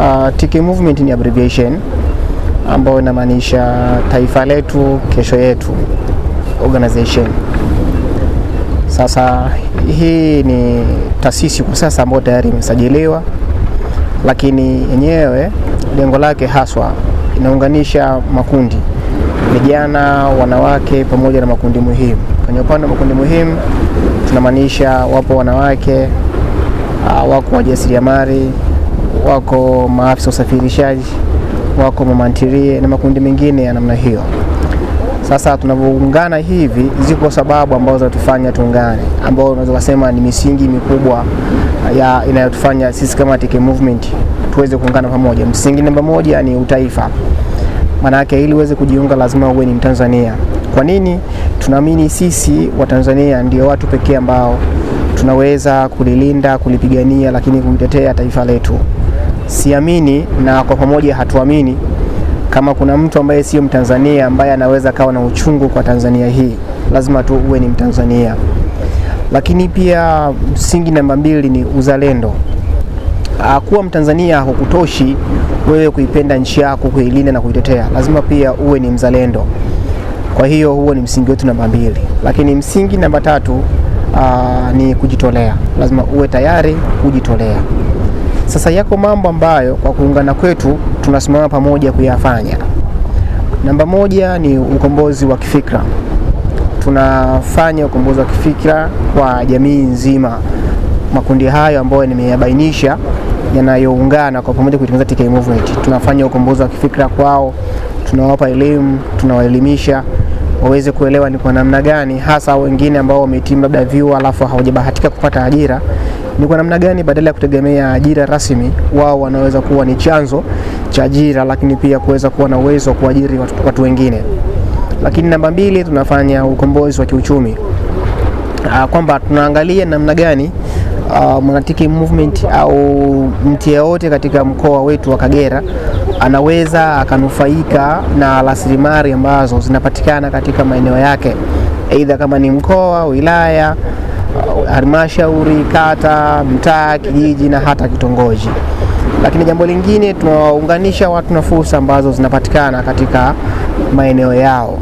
Uh, TK Movement ni abbreviation ambayo inamaanisha taifa letu kesho yetu organization. Sasa hii ni taasisi kwa sasa ambayo tayari imesajiliwa, lakini yenyewe lengo lake haswa inaunganisha makundi vijana, wanawake pamoja na makundi muhimu. Kwenye upande wa makundi muhimu tunamaanisha wapo wanawake, uh, wako wajasiriamali wako maafisa usafirishaji, wako mamantirie na makundi mengine ya namna hiyo. Sasa tunavyoungana hivi, ziko sababu ambazo zinatufanya tuungane, ambao unaweza kusema ni misingi mikubwa ya inayotufanya sisi kama TK Movement tuweze kuungana pamoja. Msingi namba moja ni utaifa, maanake ili uweze kujiunga lazima uwe ni Mtanzania. Kwa nini? Tunaamini sisi Watanzania ndio watu pekee ambao tunaweza kulilinda, kulipigania, lakini kumtetea taifa letu siamini na kwa pamoja hatuamini kama kuna mtu ambaye sio Mtanzania ambaye anaweza kawa na uchungu kwa Tanzania hii, lazima tu uwe ni Mtanzania. Lakini pia msingi namba mbili ni uzalendo. Ah, kuwa Mtanzania hukutoshi wewe kuipenda nchi yako, kuilinda na kuitetea, lazima pia uwe ni mzalendo. Kwa hiyo huo ni msingi wetu namba mbili, lakini msingi namba tatu aa, ah, ni kujitolea. Lazima uwe tayari kujitolea. Sasa yako mambo ambayo kwa kuungana kwetu tunasimama pamoja kuyafanya. Namba moja ni ukombozi wa kifikra. Tunafanya ukombozi wa kifikra kwa jamii nzima, makundi hayo ambayo nimeyabainisha yanayoungana kwa pamoja kutengeneza TK Movement. Tunafanya ukombozi wa kifikra kwao, tunawapa elimu, tunawaelimisha waweze kuelewa ni kwa namna gani hasa, wengine ambao wamehitimu labda vyuo alafu hawajabahatika kupata ajira, ni kwa namna gani badala ya kutegemea ajira rasmi, wao wanaweza kuwa ni chanzo cha ajira, lakini pia kuweza kuwa na uwezo wa kuajiri watu, watu wengine. Lakini namba mbili, tunafanya ukombozi wa kiuchumi ah, kwamba tunaangalia namna gani Uh, ah, Mwanatiki movement au mtu yeyote katika mkoa wetu wa Kagera anaweza akanufaika na rasilimali ambazo zinapatikana katika maeneo yake, aidha kama ni mkoa, wilaya halmashauri, kata, mtaa, kijiji na hata kitongoji. Lakini jambo lingine, tunawaunganisha watu na fursa ambazo zinapatikana katika maeneo yao.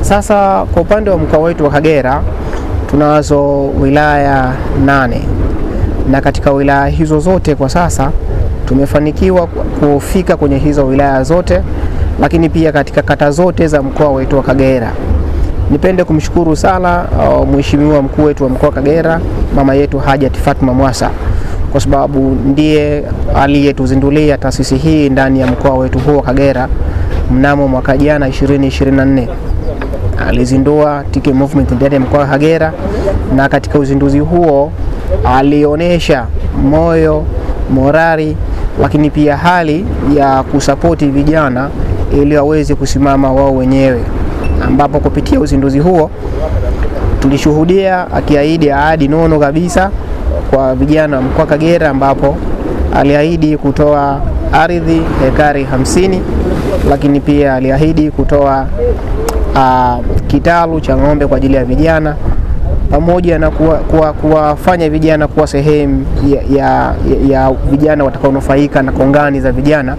Sasa kwa upande wa mkoa wetu wa Kagera tunazo wilaya nane na katika wilaya hizo zote kwa sasa tumefanikiwa kufika kwenye hizo wilaya zote, lakini pia katika kata zote za mkoa wetu wa Kagera. Nipende kumshukuru sana uh, Mheshimiwa mkuu wetu wa mkoa Kagera, mama yetu Hajat Fatma Mwasa kwa sababu ndiye aliyetuzindulia taasisi hii ndani ya mkoa wetu huu wa Kagera mnamo mwaka jana 2024 alizindua Tiki Movement ndani ya mkoa wa Kagera, na katika uzinduzi huo alionyesha moyo, morali, lakini pia hali ya kusapoti vijana ili waweze kusimama wao wenyewe ambapo kupitia uzinduzi huo tulishuhudia akiahidi ahadi nono kabisa kwa vijana wa mkoa Kagera, ambapo aliahidi kutoa ardhi hekari hamsini, lakini pia aliahidi kutoa uh, kitalu cha ng'ombe kwa ajili ya vijana pamoja na kuwafanya kuwa, kuwa vijana kuwa sehemu ya, ya, ya vijana watakaonufaika na kongani za vijana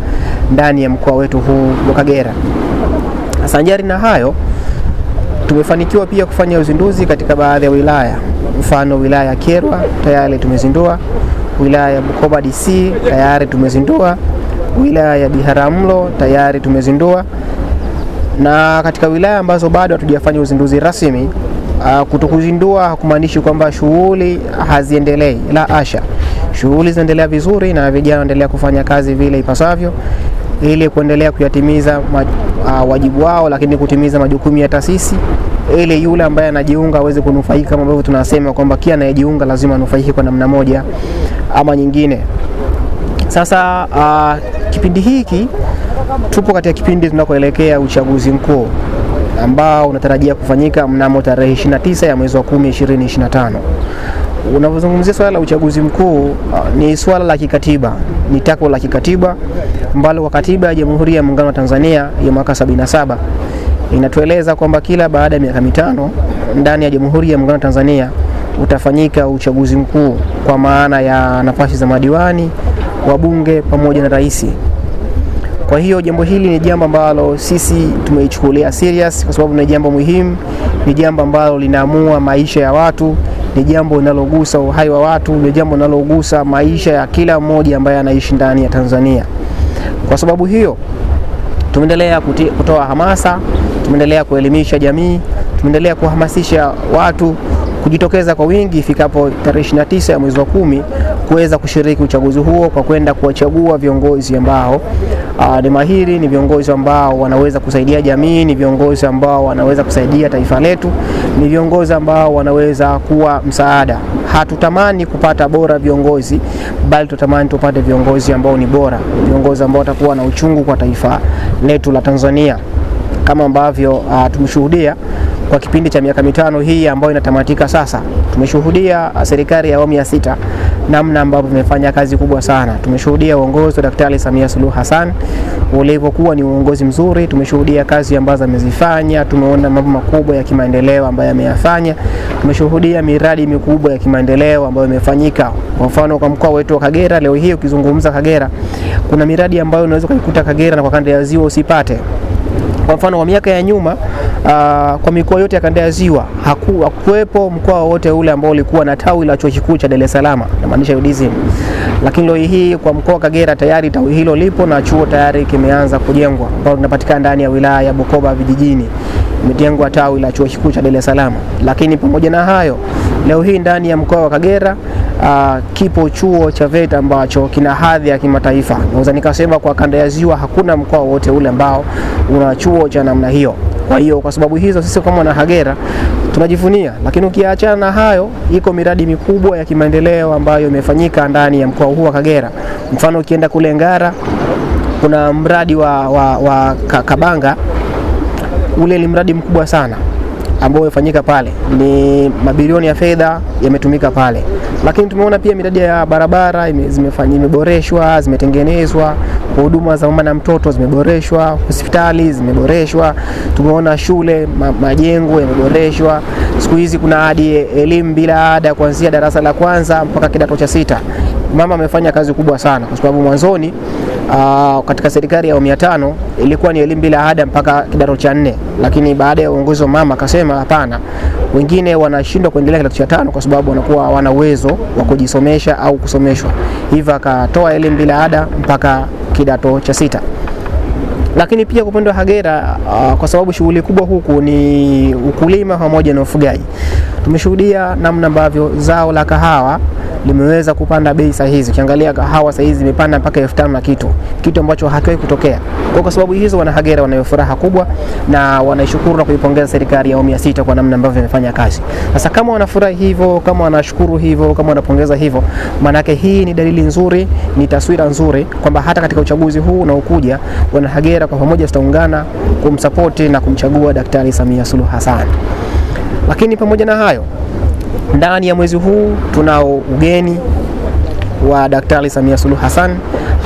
ndani ya mkoa wetu huu wa Kagera. Sanjari na hayo, tumefanikiwa pia kufanya uzinduzi katika baadhi ya wilaya, mfano wilaya ya Kyerwa tayari tumezindua, wilaya ya Bukoba DC tayari tumezindua, wilaya ya Biharamulo tayari tumezindua, na katika wilaya ambazo bado hatujafanya uzinduzi rasmi ah, Kutokuzindua hakumaanishi kwamba shughuli haziendelei, la asha, shughuli zinaendelea vizuri na vijana wanaendelea kufanya kazi vile ipasavyo ili kuendelea kuyatimiza wajibu wao, lakini kutimiza majukumu ya taasisi ili yule ambaye anajiunga aweze kunufaika, kama ambavyo tunasema kwamba kila anayejiunga lazima anufaike kwa namna moja ama nyingine. Sasa uh, kipindi hiki tupo katika kipindi tunakoelekea uchaguzi mkuu ambao unatarajia kufanyika mnamo tarehe 29 ya mwezi wa 10 2025. Unavyozungumzia swala la uchaguzi mkuu ah, ni swala la kikatiba, ni takwa la kikatiba ambalo kwa katiba ya Jamhuri ya Muungano wa Tanzania ya mwaka 77 inatueleza kwamba kila baada ya miaka mitano ndani ya Jamhuri ya Muungano wa Tanzania utafanyika uchaguzi mkuu kwa maana ya nafasi za madiwani, wabunge pamoja na rais. Kwa hiyo jambo hili ni jambo ambalo sisi tumeichukulia serious kwa sababu ni jambo muhimu, ni jambo ambalo linaamua maisha ya watu ni jambo linalogusa uhai wa watu, ni jambo linalogusa maisha ya kila mmoja ambaye anaishi ndani ya Tanzania. Kwa sababu hiyo tumeendelea kutoa hamasa, tumeendelea kuelimisha jamii, tumeendelea kuhamasisha watu kujitokeza kwa wingi ifikapo tarehe 29 ya mwezi wa kumi kuweza kushiriki uchaguzi huo kwa kwenda kuwachagua viongozi ambao uh, ni mahiri, ni viongozi ambao wanaweza kusaidia jamii, ni viongozi ambao wanaweza kusaidia taifa letu, ni viongozi ambao wanaweza kuwa msaada. Hatutamani kupata bora viongozi, bali tutamani tupate viongozi ambao ni bora, viongozi ambao watakuwa na uchungu kwa taifa letu la Tanzania kama ambavyo uh, tumeshuhudia kwa kipindi cha miaka mitano hii ambayo inatamatika sasa. Tumeshuhudia ah, serikali ya awamu ya sita namna ambavyo vimefanya kazi kubwa sana. Tumeshuhudia uongozi wa Daktari Samia Suluhu Hassan ulivyokuwa ni uongozi mzuri, tumeshuhudia kazi ambazo amezifanya, tumeona mambo makubwa ya kimaendeleo ambayo ameyafanya, tumeshuhudia miradi mikubwa ya kimaendeleo ambayo imefanyika. Kwa mfano, kwa mkoa wetu wa Kagera, leo hii ukizungumza Kagera, kuna miradi ambayo unaweza kuikuta Kagera na kwa kanda ya ziwa usipate. Kwa mfano, kwa miaka ya nyuma uh, kwa mikoa yote ya kanda ya ziwa hakuwepo mkoa wowote ule ambao ulikuwa na tawi la chuo kikuu cha Dar es Salaam, namaanisha UDSM. Lakini leo hii kwa mkoa wa Kagera tayari tawi hilo lipo na chuo tayari kimeanza kujengwa ambao linapatikana ndani ya wilaya ya Bukoba vijijini, imetengwa tawi la chuo kikuu cha Dar es Salaam. Lakini pamoja na hayo, leo hii ndani ya mkoa wa Kagera Uh, kipo chuo cha VET ambacho kina hadhi ya kimataifa. Naweza nikasema kwa kanda ya ziwa hakuna mkoa wote ule ambao una chuo cha namna hiyo. Kwa hiyo kwa sababu hizo sisi kama wana Kagera tunajivunia, lakini ukiachana na hayo, iko miradi mikubwa ya kimaendeleo ambayo imefanyika ndani ya mkoa huu wa Kagera. Mfano, ukienda kule Ngara kuna mradi wa, wa, wa Kabanga, ule ni mradi mkubwa sana ambao umefanyika pale, ni mabilioni ya fedha yametumika pale. Lakini tumeona pia miradi ya barabara imeboreshwa, zimetengenezwa, huduma za mama na mtoto zimeboreshwa, hospitali zimeboreshwa, tumeona shule ma, majengo yameboreshwa. Siku hizi kuna hadi elimu bila ada kuanzia darasa la kwanza mpaka kidato cha sita. Mama amefanya kazi kubwa sana, kwa sababu mwanzoni uh, katika serikali ya awamu ya tano ilikuwa ni elimu bila ada mpaka kidato cha nne, lakini baada ya uongozi wa mama akasema hapana, wengine wanashindwa kuendelea kidato cha tano kwa sababu wanakuwa hawana uwezo wa kujisomesha au kusomeshwa, hivyo akatoa elimu bila ada mpaka kidato cha sita lakini pia kwa upande wa Kagera uh, ah, kwa sababu shughuli kubwa huku ni ukulima pamoja na ufugaji, tumeshuhudia namna ambavyo zao la kahawa limeweza kupanda bei saa hizi. Ukiangalia kahawa saa hizi imepanda mpaka elfu tano na kitu, kitu ambacho hakiwahi kutokea. Kwa kwa sababu hizo, wana Wanahagera wanayo furaha kubwa na wanaishukuru na kuipongeza serikali ya awamu ya sita kwa namna ambavyo imefanya kazi. Sasa kama wanafurahi hivyo, kama wanashukuru hivyo, kama wanapongeza hivyo, maanake hii ni dalili nzuri, ni taswira nzuri kwamba hata katika uchaguzi huu unaokuja Wanahagera kwa pamoja tutaungana kumsapoti na kumchagua Daktari Samia Suluhu Hassan. Lakini pamoja na hayo ndani ya mwezi huu tunao ugeni wa Daktari Samia Suluhu Hassan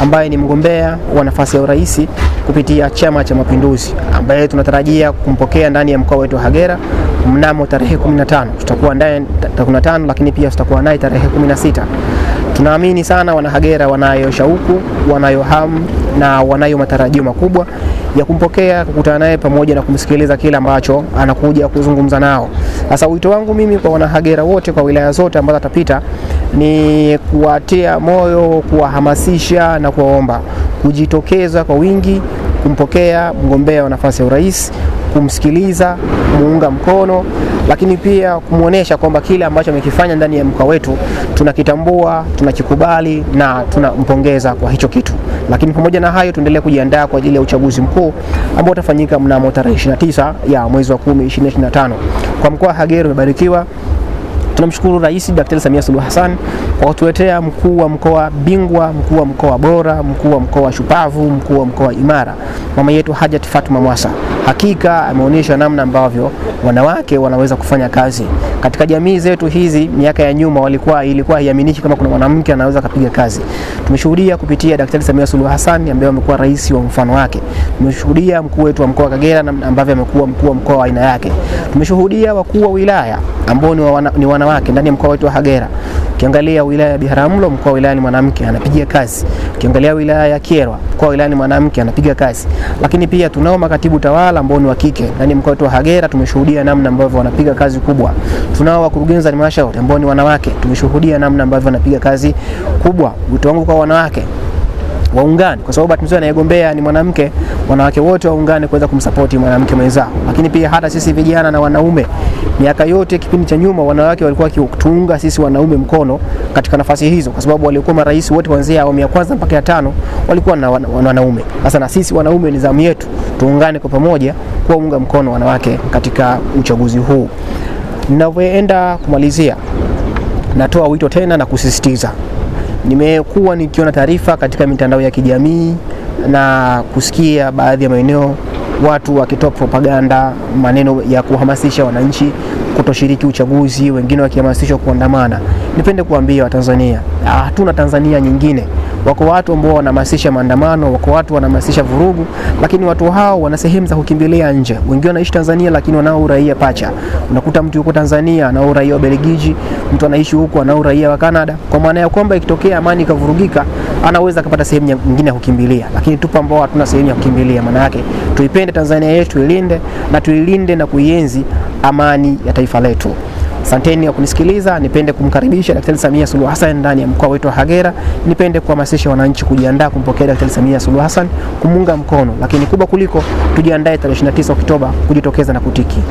ambaye ni mgombea wa nafasi ya urais kupitia Chama cha Mapinduzi, ambaye tunatarajia kumpokea ndani ya mkoa wetu wa Kagera mnamo tarehe 15. Tutakuwa ndani tarehe 15, lakini pia tutakuwa naye tarehe 16. Tunaamini sana Wanakagera wanayo shauku, wanayo hamu na wanayo matarajio makubwa ya kumpokea, kukutana naye pamoja na kumsikiliza kila ambacho anakuja kuzungumza nao. Sasa wito wangu mimi kwa wanahagera wote kwa wilaya zote ambazo atapita ni kuwatia moyo, kuwahamasisha na kuwaomba kujitokeza kwa wingi kumpokea mgombea wa nafasi ya urais kumsikiliza, kumuunga mkono, lakini pia kumwonyesha kwamba kile ambacho amekifanya ndani ya mkoa wetu tunakitambua, tunakikubali na tunampongeza kwa hicho kitu. Lakini pamoja na hayo, tuendelee kujiandaa kwa ajili ya uchaguzi mkuu ambao utafanyika mnamo tarehe 29 ya mwezi wa 10 2025. Kwa mkoa Kagera umebarikiwa. Tunamshukuru Rais Daktari Samia Suluhu Hassan watuletea mkuu wa mkoa bingwa, mkuu wa mkoa bora, mkuu wa mkoa shupavu, mkuu wa mkoa imara, mama yetu Hajat Fatuma Mwasa. Hakika ameonyesha namna ambavyo wanawake wanaweza kufanya kazi katika jamii zetu hizi. Miaka ya nyuma walikuwa ilikuwa haiaminiki kama kuna mwanamke anaweza kupiga kazi. Tumeshuhudia kupitia Daktari Samia Suluhu Hassan ambaye amekuwa rais wa mfano wake. Tumeshuhudia mkuu wetu wa mkoa Kagera namna ambavyo amekuwa mkuu wa mkoa wa aina yake. Tumeshuhudia wakuu wa wilaya ambao ni wanawake ndani ya mkoa wetu wa Kagera. Ukiangalia wilaya ya Biharamulo, mkuu wa wilaya ni mwanamke anapiga kazi. Ukiangalia wilaya ya Kyerwa, mkuu wa wilaya ni mwanamke anapiga kazi. Lakini pia tunao makatibu tawala ambao ni wa kike. Ndani mkoa wetu wa Kagera tumeshuhudia namna ambavyo wanapiga kazi kubwa. Tunao wakurugenzi ni halmashauri ambao ni wanawake, tumeshuhudia namna ambavyo wanapiga kazi kubwa. Wito wangu kwa wanawake waungane, kwa sababu bahati nzuri anayegombea ni mwanamke. Wanawake wote waungane kuweza kumsapoti mwanamke mwenzao, lakini pia hata sisi vijana na wanaume, miaka yote kipindi cha nyuma wanawake walikuwa wakituunga sisi wanaume mkono katika nafasi hizo, kwa sababu waliokuwa marais wote kuanzia awamu ya kwanza mpaka ya tano walikuwa na wanaume. Sasa na sisi wanaume, ni zamu yetu tuungane kwa pamoja kuwaunga mkono wanawake katika uchaguzi huu. Ninavyoenda kumalizia, natoa wito tena na kusisitiza Nimekuwa nikiona taarifa katika mitandao ya kijamii na kusikia baadhi ya maeneo watu wakitoa propaganda, maneno ya kuhamasisha wananchi kutoshiriki uchaguzi, wengine wakihamasishwa kuandamana. Nipende kuambia Watanzania, ah, hatuna Tanzania nyingine. Wako watu ambao wanahamasisha maandamano, wako watu wanahamasisha vurugu, lakini watu hao wana sehemu za kukimbilia nje. Wengi wanaishi Tanzania lakini wanao uraia pacha. Unakuta mtu yuko Tanzania ana uraia wa Belgiji, mtu anaishi huko ana uraia wa Canada, Kwa maana ya kwamba ikitokea amani ikavurugika, anaweza akapata sehemu nyingine ya kukimbilia. Lakini tupo ambao hatuna sehemu ya kukimbilia, maana yake tuipende Tanzania yetu, ilinde na tuilinde na kuienzi amani ya taifa letu. Asanteni kwa kunisikiliza. Nipende kumkaribisha Daktari Samia Suluhu Hassan ndani ya mkoa wetu wa Kagera. Nipende kuhamasisha wananchi kujiandaa kumpokea Daktari Samia Suluhu Hassan, kumunga mkono, lakini kubwa kuliko tujiandae tarehe 29 Oktoba kujitokeza na kutiki.